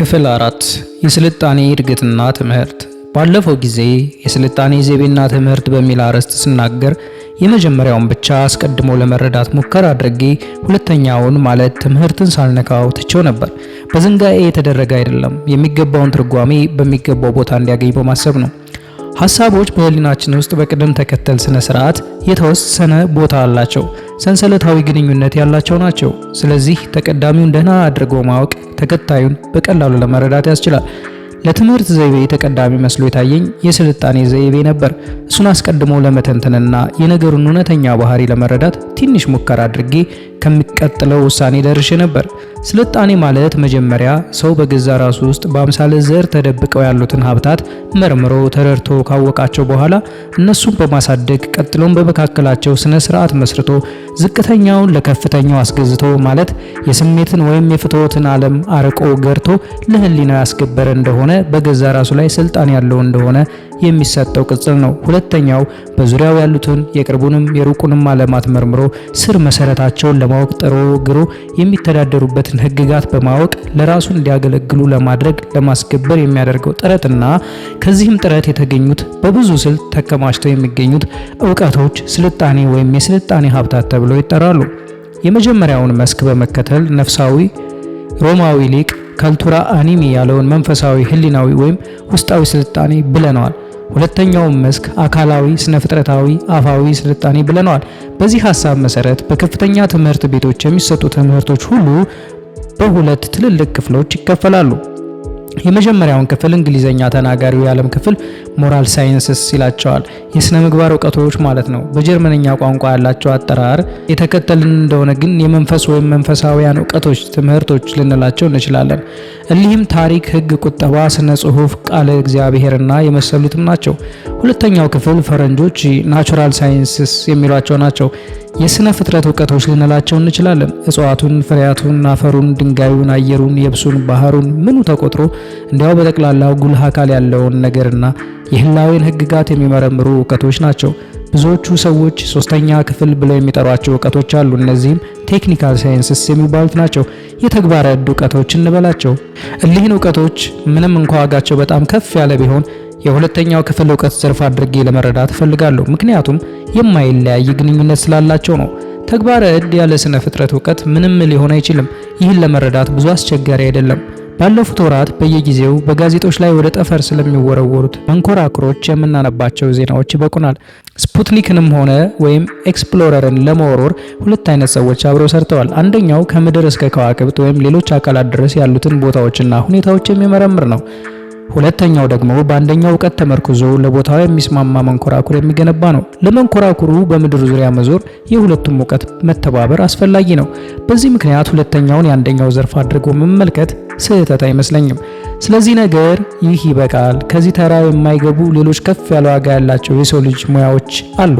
ክፍል አራት የስልጣኔ እድገትና ትምህርት። ባለፈው ጊዜ የስልጣኔ ዘይቤና ትምህርት በሚል አርዕስት ስናገር የመጀመሪያውን ብቻ አስቀድሞ ለመረዳት ሙከራ አድርጌ ሁለተኛውን ማለት ትምህርትን ሳልነካው ትቼው ነበር። በዝንጋኤ የተደረገ አይደለም፣ የሚገባውን ትርጓሜ በሚገባው ቦታ እንዲያገኝ በማሰብ ነው። ሐሳቦች በህሊናችን ውስጥ በቅደም ተከተል ስነ ስርዓት የተወሰነ ቦታ አላቸው፣ ሰንሰለታዊ ግንኙነት ያላቸው ናቸው። ስለዚህ ተቀዳሚውን ደህና አድርጎ ማወቅ ተከታዩን በቀላሉ ለመረዳት ያስችላል። ለትምህርት ዘይቤ ተቀዳሚ መስሎ የታየኝ የስልጣኔ ዘይቤ ነበር። እሱን አስቀድሞ ለመተንተንና የነገሩን እውነተኛ ባህሪ ለመረዳት ትንሽ ሙከራ አድርጌ ከሚቀጥለው ውሳኔ ደርሼ ነበር። ስልጣኔ ማለት መጀመሪያ ሰው በገዛ ራሱ ውስጥ በአምሳለ ዘር ተደብቀው ያሉትን ሀብታት መርምሮ ተረድቶ ካወቃቸው በኋላ እነሱን በማሳደግ ቀጥሎም በመካከላቸው ስነ ስርዓት መስርቶ ዝቅተኛውን ለከፍተኛው አስገዝቶ ማለት የስሜትን ወይም የፍትወትን ዓለም አርቆ ገርቶ ለህሊና ያስገበረ እንደሆነ በገዛ ራሱ ላይ ስልጣን ያለው እንደሆነ የሚሰጠው ቅጽል ነው። ሁለተኛው በዙሪያው ያሉትን የቅርቡንም የሩቁንም ዓለማት መርምሮ ስር መሰረታቸውን ለማወቅ ጥሮ ግሮ የሚተዳደሩበትን ህግጋት በማወቅ ለራሱ እንዲያገለግሉ ለማድረግ ለማስገበር የሚያደርገው ጥረትና ከዚህም ጥረት የተገኙት በብዙ ስልት ተከማችተው የሚገኙት እውቀቶች ስልጣኔ ወይም የስልጣኔ ሀብታት ተብለው ይጠራሉ። የመጀመሪያውን መስክ በመከተል ነፍሳዊ ሮማዊ ሊቅ ከልቱራ አኒሚ ያለውን መንፈሳዊ ህሊናዊ ወይም ውስጣዊ ስልጣኔ ብለነዋል። ሁለተኛውም መስክ አካላዊ ስነ ፍጥረታዊ አፋዊ ስልጣኔ ብለነዋል። በዚህ ሀሳብ መሰረት በከፍተኛ ትምህርት ቤቶች የሚሰጡ ትምህርቶች ሁሉ በሁለት ትልልቅ ክፍሎች ይከፈላሉ። የመጀመሪያውን ክፍል እንግሊዘኛ ተናጋሪው የዓለም ክፍል ሞራል ሳይንስስ ይላቸዋል። የስነ ምግባር እውቀቶች ማለት ነው። በጀርመንኛ ቋንቋ ያላቸው አጠራር የተከተልን እንደሆነ ግን የመንፈስ ወይም መንፈሳዊያን እውቀቶች ትምህርቶች ልንላቸው እንችላለን። እሊህም ታሪክ፣ ህግ፣ ቁጠባ፣ ስነ ጽሁፍ፣ ቃለ እግዚአብሔርና የመሰሉትም ናቸው። ሁለተኛው ክፍል ፈረንጆች ናቹራል ሳይንስስ የሚሏቸው ናቸው። የስነ ፍጥረት እውቀቶች ልንላቸው እንችላለን። እጽዋቱን፣ ፍሬያቱን፣ አፈሩን፣ ድንጋዩን፣ አየሩን፣ የብሱን፣ ባህሩን ምኑ ተቆጥሮ እንዲያው በጠቅላላው ጉልህ አካል ያለውን ነገርና የህላዊን ህግጋት የሚመረምሩ እውቀቶች ናቸው። ብዙዎቹ ሰዎች ሶስተኛ ክፍል ብለው የሚጠሯቸው እውቀቶች አሉ። እነዚህም ቴክኒካል ሳይንስስ የሚባሉት ናቸው። የተግባረ ዕድ እውቀቶች እንበላቸው። እሊህን እውቀቶች ምንም እንኳ ዋጋቸው በጣም ከፍ ያለ ቢሆን የሁለተኛው ክፍል እውቀት ዘርፍ አድርጌ ለመረዳት እፈልጋለሁ። ምክንያቱም የማይለያይ ግንኙነት ስላላቸው ነው። ተግባረ ዕድ ያለ ስነ ፍጥረት እውቀት ምንም ሊሆን አይችልም። ይህን ለመረዳት ብዙ አስቸጋሪ አይደለም። ባለፉት ወራት በየጊዜው በጋዜጦች ላይ ወደ ጠፈር ስለሚወረወሩት መንኮራኩሮች የምናነባቸው ዜናዎች ይበቁናል። ስፑትኒክንም ሆነ ወይም ኤክስፕሎረርን ለመወርወር ሁለት አይነት ሰዎች አብረው ሰርተዋል። አንደኛው ከምድር እስከ ከዋክብት ወይም ሌሎች አካላት ድረስ ያሉትን ቦታዎችና ሁኔታዎች የሚመረምር ነው። ሁለተኛው ደግሞ በአንደኛው እውቀት ተመርኩዞ ለቦታው የሚስማማ መንኮራኩር የሚገነባ ነው። ለመንኮራኩሩ በምድር ዙሪያ መዞር የሁለቱም እውቀት መተባበር አስፈላጊ ነው። በዚህ ምክንያት ሁለተኛውን የአንደኛው ዘርፍ አድርጎ መመልከት ስህተት አይመስለኝም። ስለዚህ ነገር ይህ ይበቃል። ከዚህ ተራ የማይገቡ ሌሎች ከፍ ያለ ዋጋ ያላቸው የሰው ልጅ ሙያዎች አሉ።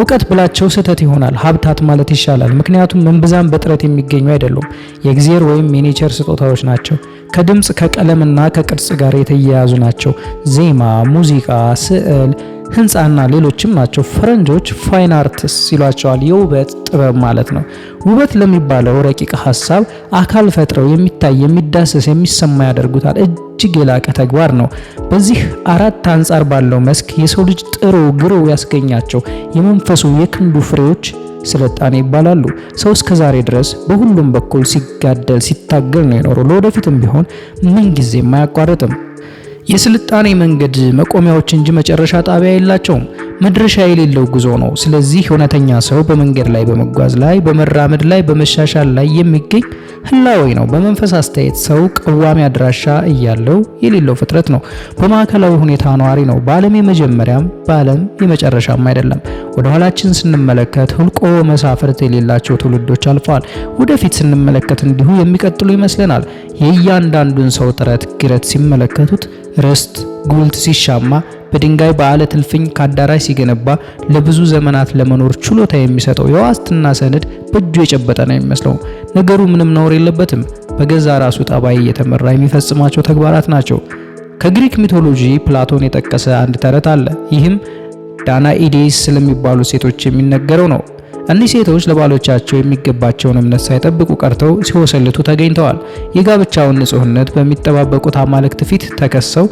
እውቀት ብላቸው ስህተት ይሆናል። ሀብታት ማለት ይሻላል። ምክንያቱም እምብዛም በጥረት የሚገኙ አይደሉም። የእግዜር ወይም የኔቸር ስጦታዎች ናቸው። ከድምፅ ከቀለምና ከቅርጽ ጋር የተያያዙ ናቸው። ዜማ፣ ሙዚቃ፣ ስዕል ህንፃና ሌሎችም ናቸው። ፈረንጆች ፋይን አርትስ ይሏቸዋል። የውበት ጥበብ ማለት ነው። ውበት ለሚባለው ረቂቅ ሀሳብ አካል ፈጥረው የሚታይ የሚዳሰስ፣ የሚሰማ ያደርጉታል። እጅግ የላቀ ተግባር ነው። በዚህ አራት አንጻር ባለው መስክ የሰው ልጅ ጥሮ ግሮ ያስገኛቸው የመንፈሱ የክንዱ ፍሬዎች ስልጣኔ ይባላሉ። ሰው እስከ ዛሬ ድረስ በሁሉም በኩል ሲጋደል ሲታገል ነው የኖረው። ለወደፊትም ቢሆን ምን ጊዜም አያቋርጥም። የስልጣኔ መንገድ መቆሚያዎች እንጂ መጨረሻ ጣቢያ የላቸውም። መድረሻ የሌለው ጉዞ ነው። ስለዚህ እውነተኛ ሰው በመንገድ ላይ በመጓዝ ላይ፣ በመራመድ ላይ፣ በመሻሻል ላይ የሚገኝ ህላዌ ነው። በመንፈስ አስተያየት ሰው ቀዋሚ አድራሻ እያለው የሌለው ፍጥረት ነው። በማዕከላዊ ሁኔታ ነዋሪ ነው። በዓለም የመጀመሪያም በዓለም የመጨረሻም አይደለም። ወደ ኋላችን ስንመለከት ሁልቆ መሳፍርት የሌላቸው ትውልዶች አልፈዋል። ወደፊት ስንመለከት እንዲሁ የሚቀጥሉ ይመስለናል። የእያንዳንዱን ሰው ጥረት ግረት ሲመለከቱት ርስት ጉልት ሲሻማ በድንጋይ በአለት እልፍኝ ከአዳራሽ ሲገነባ ለብዙ ዘመናት ለመኖር ችሎታ የሚሰጠው የዋስትና ሰነድ በእጁ የጨበጠ ነው የሚመስለው። ነገሩ ምንም ነውር የለበትም። በገዛ ራሱ ጠባይ እየተመራ የሚፈጽማቸው ተግባራት ናቸው። ከግሪክ ሚቶሎጂ ፕላቶን የጠቀሰ አንድ ተረት አለ። ይህም ዳናኢዴስ ስለሚባሉ ሴቶች የሚነገረው ነው። እኒህ ሴቶች ለባሎቻቸው የሚገባቸውን እምነት ሳይጠብቁ ቀርተው ሲወሰልቱ ተገኝተዋል። የጋብቻውን ንጹሕነት በሚጠባበቁት አማልክት ፊት ተከሰው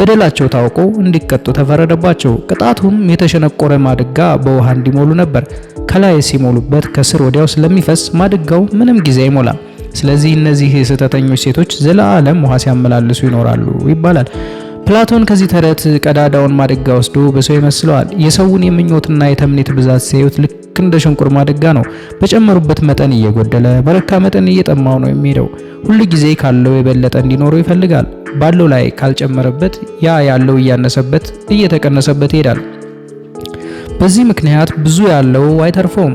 በደላቸው ታውቆ እንዲቀጡ ተፈረደባቸው። ቅጣቱም የተሸነቆረ ማድጋ በውሃ እንዲሞሉ ነበር። ከላይ ሲሞሉበት ከስር ወዲያው ስለሚፈስ ማድጋው ምንም ጊዜ አይሞላም። ስለዚህ እነዚህ ስህተተኞች ሴቶች ዘለዓለም ውሃ ሲያመላልሱ ይኖራሉ ይባላል። ፕላቶን ከዚህ ተረት ቀዳዳውን ማድጋ ወስዶ በሰው ይመስለዋል። የሰውን የምኞትና የተምኔት ብዛት ሲያዩት ልክ እንደ ሸንቁር ደጋ ነው። በጨመሩበት መጠን እየጎደለ በረካ መጠን እየጠማው ነው የሚሄደው። ሁል ጊዜ ካለው የበለጠ እንዲኖረው ይፈልጋል። ባለው ላይ ካልጨመረበት ያ ያለው እያነሰበት እየተቀነሰበት ይሄዳል። በዚህ ምክንያት ብዙ ያለው አይተርፎም።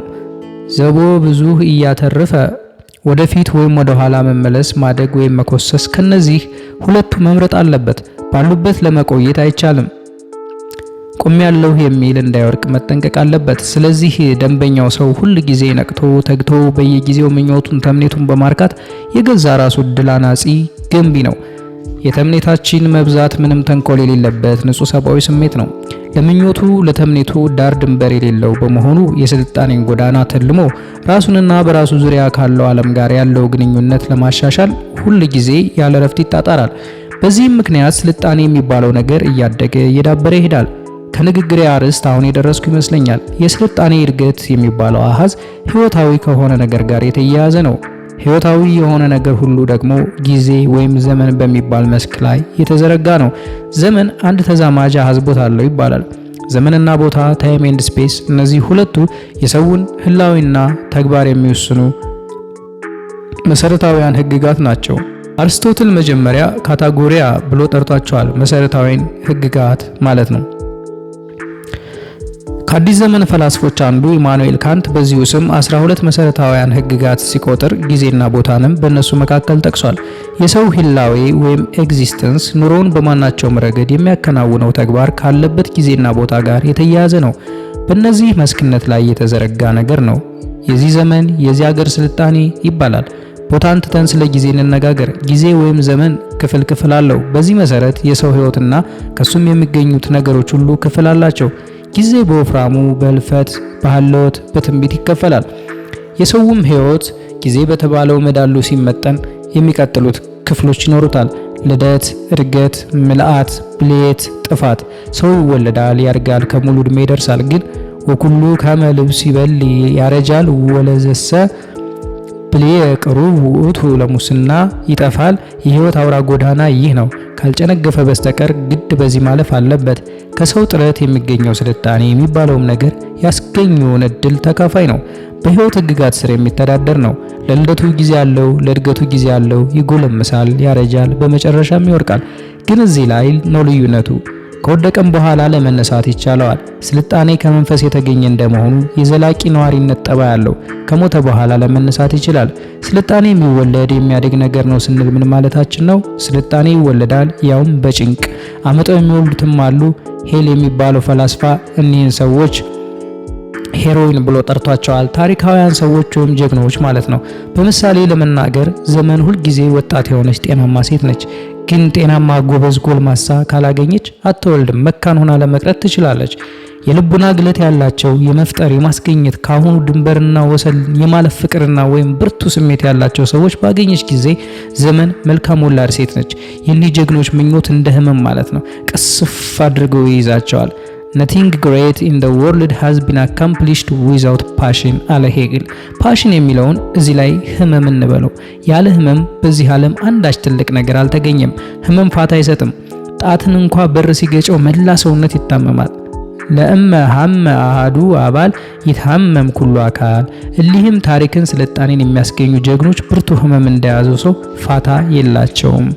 ዘቦ ብዙ እያተረፈ ወደፊት ወይም ወደ ኋላ መመለስ፣ ማደግ ወይም መኮሰስ፣ ከነዚህ ሁለቱ መምረጥ አለበት። ባሉበት ለመቆየት አይቻልም። ቆም ያለው የሚል እንዳይወርቅ መጠንቀቅ አለበት። ስለዚህ ደንበኛው ሰው ሁል ጊዜ ነቅቶ ተግቶ በየጊዜው ምኞቱን ተምኔቱን በማርካት የገዛ ራሱ እድል አናጺ ገንቢ ነው። የተምኔታችን መብዛት ምንም ተንኮል የሌለበት ንጹህ ሰብአዊ ስሜት ነው። ለምኞቱ ለተምኔቱ ዳር ድንበር የሌለው በመሆኑ የስልጣኔን ጎዳና ተልሞ ራሱንና በራሱ ዙሪያ ካለው ዓለም ጋር ያለው ግንኙነት ለማሻሻል ሁል ጊዜ ያለ ረፍት ይጣጣራል። በዚህም ምክንያት ስልጣኔ የሚባለው ነገር እያደገ እየዳበረ ይሄዳል። ከንግግሬ አርዕስት አሁን የደረስኩ ይመስለኛል። የስልጣኔ እድገት የሚባለው አሃዝ ህይወታዊ ከሆነ ነገር ጋር የተያያዘ ነው። ህይወታዊ የሆነ ነገር ሁሉ ደግሞ ጊዜ ወይም ዘመን በሚባል መስክ ላይ የተዘረጋ ነው። ዘመን አንድ ተዛማጅ አሃዝ ቦታ አለው ይባላል። ዘመንና ቦታ ታይም ኤንድ ስፔስ፣ እነዚህ ሁለቱ የሰውን ህላዊና ተግባር የሚወስኑ መሰረታዊያን ህግጋት ናቸው። አርስቶትል መጀመሪያ ካታጎሪያ ብሎ ጠርቷቸዋል። መሰረታዊን ህግጋት ማለት ነው። ከአዲስ ዘመን ፈላስፎች አንዱ ኢማኑኤል ካንት በዚሁ ስም 12 መሰረታውያን ህግጋት ሲቆጥር ጊዜና ቦታንም በእነሱ መካከል ጠቅሷል። የሰው ሂላዌ ወይም ኤግዚስተንስ ኑሮውን በማናቸውም ረገድ የሚያከናውነው ተግባር ካለበት ጊዜና ቦታ ጋር የተያያዘ ነው። በእነዚህ መስክነት ላይ የተዘረጋ ነገር ነው። የዚህ ዘመን የዚህ ሀገር ስልጣኔ ይባላል። ቦታን ትተን ስለ ጊዜ እንነጋገር። ጊዜ ወይም ዘመን ክፍል ክፍል አለው። በዚህ መሰረት የሰው ህይወትና ከሱም የሚገኙት ነገሮች ሁሉ ክፍል አላቸው። ጊዜ በወፍራሙ፣ በህልፈት፣ በሀልወት፣ በትንቢት ይከፈላል። የሰውም ህይወት ጊዜ በተባለው መዳሉ ሲመጠን የሚቀጥሉት ክፍሎች ይኖሩታል። ልደት፣ እድገት፣ ምልአት፣ ብልየት፣ ጥፋት። ሰው ይወለዳል፣ ያድጋል፣ ከሙሉ እድሜ ይደርሳል። ግን ወኩሉ ከመ ልብስ ይበል ያረጃል ወለዘሰ ብልየ ቅሩብ ውእቱ ለሙስና ይጠፋል። የህይወት አውራ ጎዳና ይህ ነው። ካልጨነገፈ በስተቀር ግድ በዚህ ማለፍ አለበት። ከሰው ጥረት የሚገኘው ስልጣኔ የሚባለውም ነገር ያስገኘውን እድል ተካፋይ ነው። በህይወት ህግጋት ስር የሚተዳደር ነው። ለልደቱ ጊዜ አለው፣ ለእድገቱ ጊዜ አለው። ይጎለምሳል፣ ያረጃል፣ በመጨረሻም ይወርቃል። ግን እዚህ ላይ ነው ልዩነቱ። ከወደቀም በኋላ ለመነሳት ይቻለዋል። ስልጣኔ ከመንፈስ የተገኘ እንደመሆኑ የዘላቂ ነዋሪነት ጠባይ ያለው ከሞተ በኋላ ለመነሳት ይችላል። ስልጣኔ የሚወለድ የሚያድግ ነገር ነው ስንል ምን ማለታችን ነው? ስልጣኔ ይወለዳል፣ ያውም በጭንቅ አመጠው የሚወልዱትም አሉ። ሄል የሚባለው ፈላስፋ እኒህን ሰዎች ሄሮይን ብሎ ጠርቷቸዋል። ታሪካውያን ሰዎች ወይም ጀግኖች ማለት ነው። በምሳሌ ለመናገር ዘመን ሁልጊዜ ወጣት የሆነች ጤናማ ሴት ነች። ግን ጤናማ ጎበዝ ጎልማሳ ካላገኘች አትወልድም፣ መካን ሆና ለመቅረት ትችላለች። የልቡና ግለት ያላቸው የመፍጠር የማስገኘት ካሁኑ ድንበርና ወሰን የማለፍ ፍቅርና ወይም ብርቱ ስሜት ያላቸው ሰዎች ባገኘች ጊዜ ዘመን መልካም ወላድ ሴት ነች። የኒህ ጀግኖች ምኞት እንደ ህመም ማለት ነው፣ ቅስፍ አድርገው ይይዛቸዋል። ነቲንግ ግሬት ኢን ዘ ወርልድ ሃዝ ቢን አካምፕሊሽድ ዊዛውት ፓሽን አለ ሄግል። ፓሽን የሚለውን እዚህ ላይ ህመም እንበለው። ያለ ህመም በዚህ ዓለም አንዳች ትልቅ ነገር አልተገኘም። ህመም ፋታ አይሰጥም። ጣትን እንኳ በር ሲገጨው መላ ሰውነት ይታመማል። ለእመ ሀመ አሃዱ አባል ይታመም ኩሉ አካል። እሊህም ታሪክን ስልጣኔን የሚያስገኙ ጀግኖች ብርቱ ህመም እንደያዘው ሰው ፋታ የላቸውም።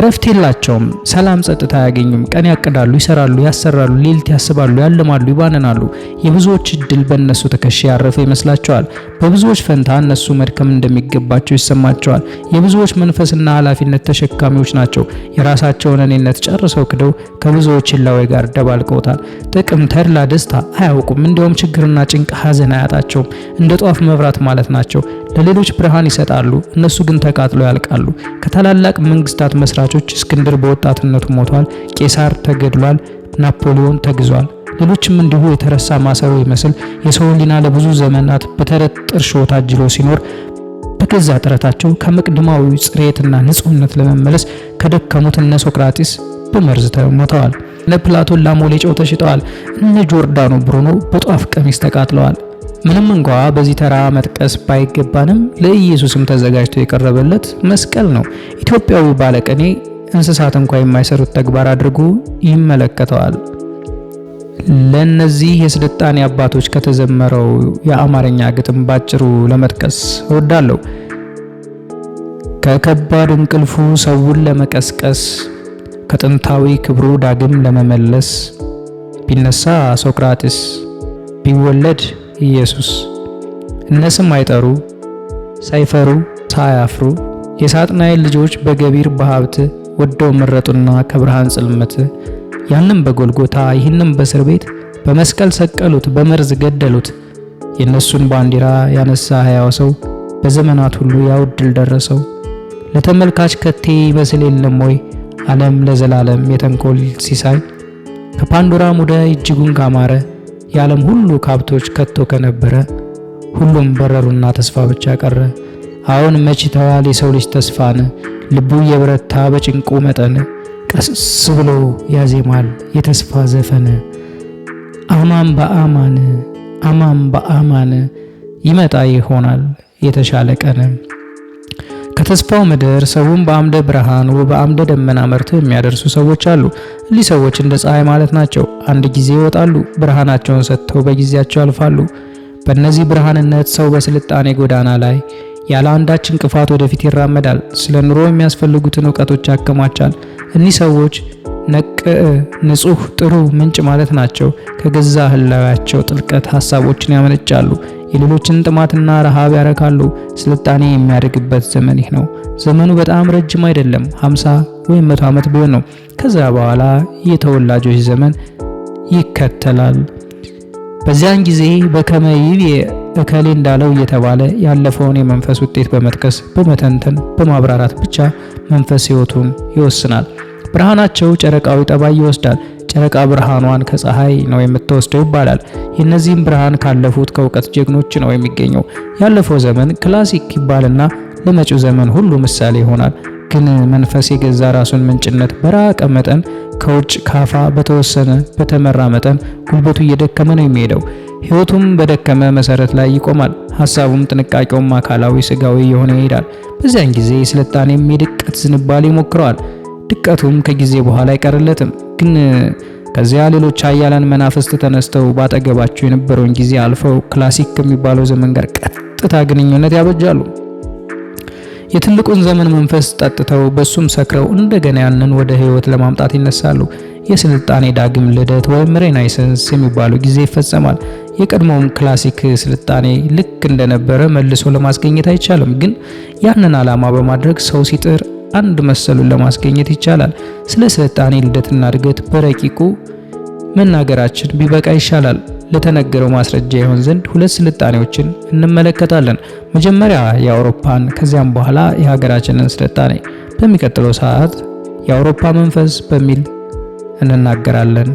እረፍት የላቸውም። ሰላም ጸጥታ አያገኙም። ቀን ያቅዳሉ፣ ይሰራሉ፣ ያሰራሉ፣ ሌሊት ያስባሉ፣ ያልማሉ፣ ይባንናሉ። የብዙዎች እድል በእነሱ ትከሻ ያረፈ ይመስላቸዋል። በብዙዎች ፈንታ እነሱ መድከም እንደሚገባቸው ይሰማቸዋል። የብዙዎች መንፈስና ኃላፊነት ተሸካሚዎች ናቸው። የራሳቸውን እኔነት ጨርሰው ክደው ከብዙዎች ላዌ ጋር ደባልቀውታል። ጥቅም፣ ተድላ፣ ደስታ አያውቁም። እንዲያውም ችግርና ጭንቅ፣ ሀዘን አያጣቸውም። እንደ ጧፍ መብራት ማለት ናቸው። ለሌሎች ብርሃን ይሰጣሉ፣ እነሱ ግን ተቃጥለው ያልቃሉ። ከታላላቅ መንግስታት መስራት መስራቾች እስክንድር በወጣትነቱ ሞቷል፣ ቄሳር ተገድሏል፣ ናፖሊዮን ተግዟል። ሌሎችም እንዲሁ የተረሳ ማሰሮ ይመስል የሰው ሊና ለብዙ ዘመናት በተረት ጥርሾ ታጅሎ ሲኖር በገዛ ጥረታቸው ከመቅድማዊ ጽሬትና ንጹህነት ለመመለስ ከደከሙት እነ ሶክራቲስ በመርዝ ተሞተዋል። እነ ፕላቶን ላሞሌ ጨው ተሽጠዋል። እነ ጆርዳኖ ብሩኖ በጧፍ ቀሚስ ተቃጥለዋል። ምንም እንኳ በዚህ ተራ መጥቀስ ባይገባንም ለኢየሱስም ተዘጋጅቶ የቀረበለት መስቀል ነው። ኢትዮጵያዊ ባለቀኔ እንስሳት እንኳ የማይሰሩት ተግባር አድርጎ ይመለከተዋል። ለነዚህ የስልጣኔ አባቶች ከተዘመረው የአማርኛ ግጥም ባጭሩ ለመጥቀስ እወዳለሁ። ከከባድ እንቅልፉ ሰውን ለመቀስቀስ ከጥንታዊ ክብሩ ዳግም ለመመለስ ቢነሳ ሶቅራጥስ ቢወለድ ኢየሱስ እነስም አይጠሩ ሳይፈሩ ሳያፍሩ የሳጥናኤል ልጆች በገቢር በሀብት ወደው መረጡና ከብርሃን ጽልመት ያንም በጎልጎታ ይህንም በእስር ቤት በመስቀል ሰቀሉት፣ በመርዝ ገደሉት። የእነሱን ባንዲራ ያነሳ ሕያው ሰው በዘመናት ሁሉ ያው ድል ደረሰው። ለተመልካች ከቴ ይመስል የለም ወይ ዓለም ለዘላለም የተንኮል ሲሳይ ከፓንዶራ ሙደ እጅጉን ካማረ የዓለም ሁሉ ካብቶች ከቶ ከነበረ ሁሉም በረሩና ተስፋ ብቻ ቀረ። አሁን መችተዋል የሰው ልጅ ተስፋን? ልቡ የብረታ በጭንቁ መጠን ቀስ ብሎ ያዜማል የተስፋ ዘፈን። አማን በአማን አማን በአማን ይመጣ ይሆናል የተሻለ ቀን። ከተስፋው ምድር ሰውን በአምደ ብርሃን በአምደ ደመና መርተው የሚያደርሱ ሰዎች አሉ። እሊህ ሰዎች እንደ ፀሐይ ማለት ናቸው። አንድ ጊዜ ይወጣሉ፣ ብርሃናቸውን ሰጥተው በጊዜያቸው ያልፋሉ። በእነዚህ ብርሃንነት ሰው በስልጣኔ ጎዳና ላይ ያለ አንዳች እንቅፋት ወደፊት ይራመዳል። ስለ ኑሮ የሚያስፈልጉትን እውቀቶች ያከማቻል። እኒህ ሰዎች ነቅ፣ ንጹህ፣ ጥሩ ምንጭ ማለት ናቸው። ከገዛ ህላዌያቸው ጥልቀት ሀሳቦችን ያመነጫሉ። የሌሎችን ጥማትና ረሃብ ያረካሉ። ስልጣኔ የሚያደርግበት ዘመን ይህ ነው። ዘመኑ በጣም ረጅም አይደለም፣ 50 ወይም 100 ዓመት ቢሆን ነው። ከዛ በኋላ የተወላጆች ዘመን ይከተላል። በዚያን ጊዜ በከመ ይቤ እከሌ እንዳለው እየተባለ ያለፈውን የመንፈስ ውጤት በመጥቀስ በመተንተን በማብራራት ብቻ መንፈስ ሕይወቱን ይወስናል። ብርሃናቸው ጨረቃዊ ጠባይ ይወስዳል። ጨረቃ ብርሃኗን ከፀሐይ ነው የምትወስደው ይባላል። የእነዚህም ብርሃን ካለፉት ከእውቀት ጀግኖች ነው የሚገኘው። ያለፈው ዘመን ክላሲክ ይባልና ለመጪው ዘመን ሁሉ ምሳሌ ይሆናል። ግን መንፈስ የገዛ ራሱን ምንጭነት በራቀ መጠን ከውጭ ካፋ በተወሰነ በተመራ መጠን ጉልበቱ እየደከመ ነው የሚሄደው። ህይወቱም በደከመ መሰረት ላይ ይቆማል። ሀሳቡም ጥንቃቄውም አካላዊ ስጋዊ የሆነ ይሄዳል። በዚያን ጊዜ ስልጣኔም የድቀት ዝንባሌ ይሞክረዋል። ድቀቱም ከጊዜ በኋላ አይቀርለትም። ግን ከዚያ ሌሎች ኃያላን መናፍስት ተነስተው ባጠገባቸው የነበረውን ጊዜ አልፈው ክላሲክ ከሚባለው ዘመን ጋር ቀጥታ ግንኙነት ያበጃሉ። የትልቁን ዘመን መንፈስ ጠጥተው በሱም ሰክረው እንደገና ያንን ወደ ህይወት ለማምጣት ይነሳሉ። የስልጣኔ ዳግም ልደት ወይም ሬናይሰንስ የሚባለው ጊዜ ይፈጸማል። የቀድሞውን ክላሲክ ስልጣኔ ልክ እንደነበረ መልሶ ለማስገኘት አይቻልም፣ ግን ያንን ዓላማ በማድረግ ሰው ሲጥር አንድ መሰሉን ለማስገኘት ይቻላል። ስለ ስልጣኔ ልደትና እድገት በረቂቁ መናገራችን ቢበቃ ይሻላል። ለተነገረው ማስረጃ ይሆን ዘንድ ሁለት ስልጣኔዎችን እንመለከታለን። መጀመሪያ የአውሮፓን ከዚያም በኋላ የሀገራችንን ስልጣኔ። በሚቀጥለው ሰዓት የአውሮፓ መንፈስ በሚል እንናገራለን።